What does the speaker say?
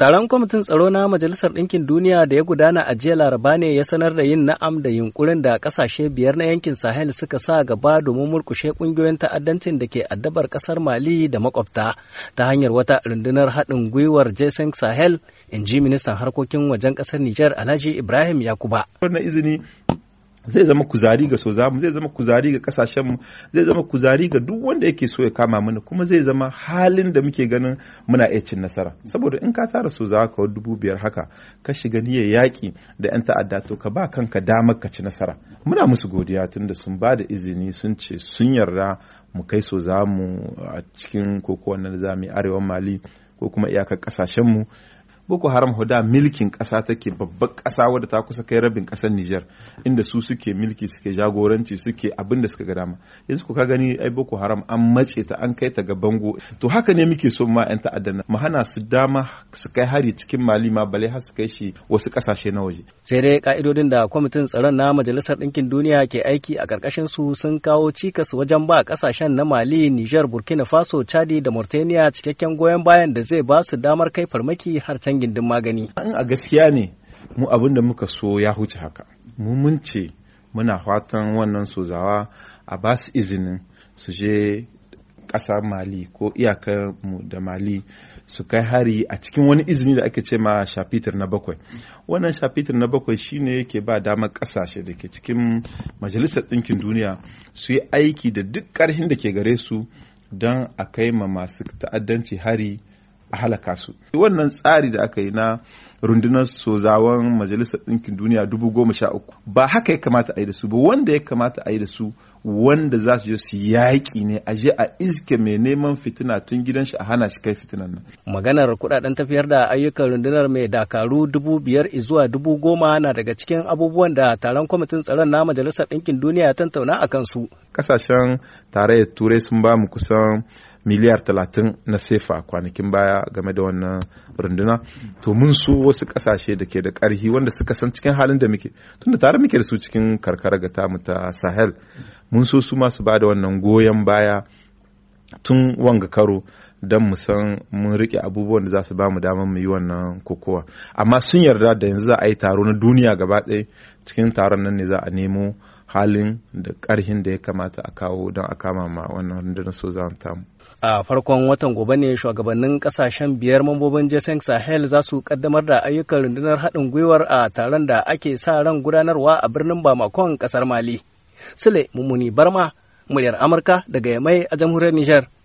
Taron kwamitin tsaro na Majalisar Ɗinkin Duniya da ya gudana a jiya Laraba ne ya sanar da yin na'am da yunkurin da ƙasashe biyar na yankin Sahel suka sa gaba domin murkushe ƙungiyoyin ta'addancin da ke addabar ƙasar Mali da makwabta ta hanyar wata rundunar haɗin gwiwar Jason Sahel, in ji ministan harkokin wajen ƙasar Nijar Alhaji Ibrahim Yakuba. Wannan zai zama kuzari ga mu zai zama kuzari ga mu zai zama kuzari ga duk wanda yake so ya kama mana kuma zai zama halin da muke ganin muna iya cin nasara saboda in ka tara soza ka dubu biyar haka ka shiga niyyar yaƙi da yan ta'adda to ka ba kanka damar ka ci nasara muna musu godiya tunda da sun ba da izini sun ce sun yarda mu kai sozamu a cikin kokowar nan zamu arewa mali ko kuma iyakar mu. boko haram hoda milkin ƙasa take babbar ƙasa wadda ta kusa kai rabin ƙasar nijar inda su suke milki suke jagoranci suke abin da suka ga dama yanzu ku ka gani ai boko haram an matse ta an kai ta ga bango to haka ne muke so ma 'yan ta'addan mu hana su dama su kai hari cikin mali ma bale har su kai shi wasu ƙasashe na waje sai dai ka'idodin da kwamitin tsaron na majalisar ɗinkin duniya ke aiki a ƙarƙashin su sun kawo cikas wajen ba ƙasashen na mali nijar burkina faso chadi da mauritania cikakken goyon bayan da zai ba su damar kai farmaki har can gindin magani an a gaskiya ne mu abin da muka so ya huce haka mu mun ce muna fatan wannan sozawa a ba su izinin su je ƙasa mali ko iyakar mu da mali su kai hari a cikin wani izini da ake ce ma shafitar na bakwai wannan shafitar na bakwai shine yake ba damar ƙasashe da ke cikin majalisar ɗinkin duniya su yi aiki da duk ƙarhin da ke gare su don a kai ma masu ta'addanci hari a halaka su wannan tsari da aka yi na rundunar sozawan majalisar ɗinkin duniya dubu goma sha uku ba haka ya kamata a yi da su ba wanda ya kamata a yi da su wanda za su je su yaƙi ne a je a iske mai neman fitina tun gidan shi a hana shi kai fitinan nan. maganar kuɗaɗen tafiyar da ayyukan rundunar mai dakaru dubu biyar zuwa dubu goma na daga cikin abubuwan da taron kwamitin tsaron na majalisar ɗinkin duniya ya tantauna a kansu. ƙasashen tarayyar turai sun ba mu kusan miliyar talatin na sefa kwanakin baya game da wannan runduna to mun so wasu kasashe da ke da karhi wanda suka san cikin halin da muke tunda tare muke da su cikin karkara ga tamu ta sahel mun so su masu ba da wannan goyon baya tun wanga karo don mu san mun rike abubuwan da za su ba mu damar mu yi wannan kokowa amma sun yarda da yanzu za a yi taro na duniya gaba ɗaya cikin taron nan ne za a nemo halin da karhin da ya kamata a kawo don a kama ma wannan rundunar sojojin tamu. A farkon watan gobe ne shugabannin kasashen biyar mambobin Jason Sahel za su kaddamar da ayyukan rundunar haɗin gwiwar a taron da ake sa ran gudanarwa a birnin Bamakon ƙasar Mali. Sule Mumuni Barma, muryar Amurka daga Yamai a jamhuriyar Nijar.